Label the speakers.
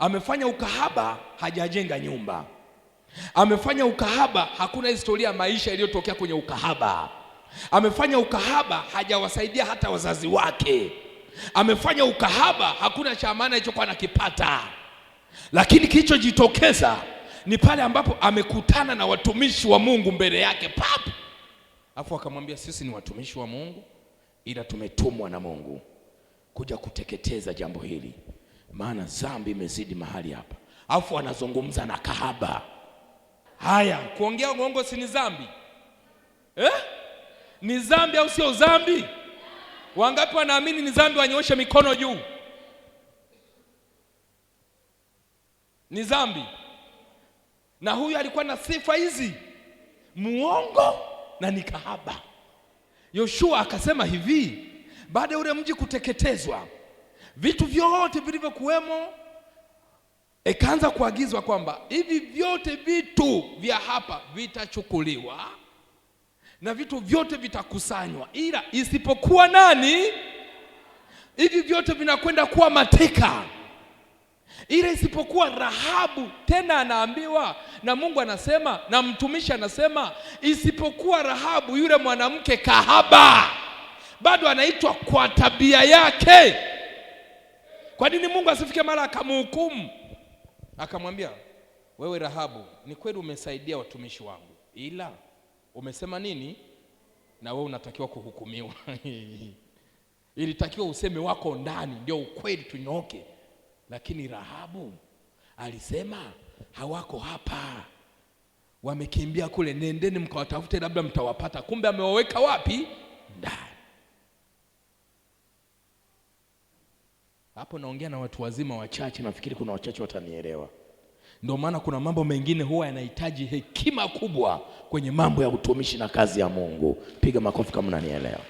Speaker 1: Amefanya ukahaba, hajajenga nyumba. Amefanya ukahaba, hakuna historia ya maisha iliyotokea kwenye ukahaba. Amefanya ukahaba, hajawasaidia hata wazazi wake. Amefanya ukahaba, hakuna cha maana alichokuwa anakipata. Lakini kilichojitokeza ni pale ambapo amekutana na watumishi wa Mungu mbele yake pap, afu akamwambia sisi ni watumishi wa Mungu, ila tumetumwa na Mungu kuja kuteketeza jambo hili maana dhambi imezidi mahali hapa, alafu anazungumza na kahaba. Haya, kuongea uongo si ni dhambi eh? Ni dhambi au sio dhambi? Wangapi wanaamini ni dhambi? Wanyooshe mikono juu. Ni dhambi, na huyu alikuwa na sifa hizi, muongo na ni kahaba. Yoshua akasema hivi baada ya ule mji kuteketezwa vitu vyote vilivyokuwemo, ikaanza kuagizwa kwamba hivi vyote vitu vya hapa vitachukuliwa na vitu vyote vitakusanywa, ila isipokuwa nani? Hivi vyote vinakwenda kuwa mateka, ila isipokuwa Rahabu. Tena anaambiwa na Mungu, anasema na mtumishi anasema, isipokuwa Rahabu yule mwanamke kahaba, bado anaitwa kwa tabia yake kwa nini Mungu asifike mara akamhukumu akamwambia, wewe Rahabu, ni kweli umesaidia watumishi wangu, ila umesema nini? Na wewe unatakiwa kuhukumiwa ilitakiwa useme wako ndani ndio ukweli tunyoke, lakini Rahabu alisema hawako hapa, wamekimbia kule, nendeni mkawatafute, labda mtawapata. Kumbe amewaweka wapi? Hapo naongea na watu wazima wachache, nafikiri kuna wachache watanielewa. Ndio maana kuna mambo mengine huwa yanahitaji hekima kubwa kwenye mambo ya utumishi na kazi ya Mungu. Piga makofi kama unanielewa.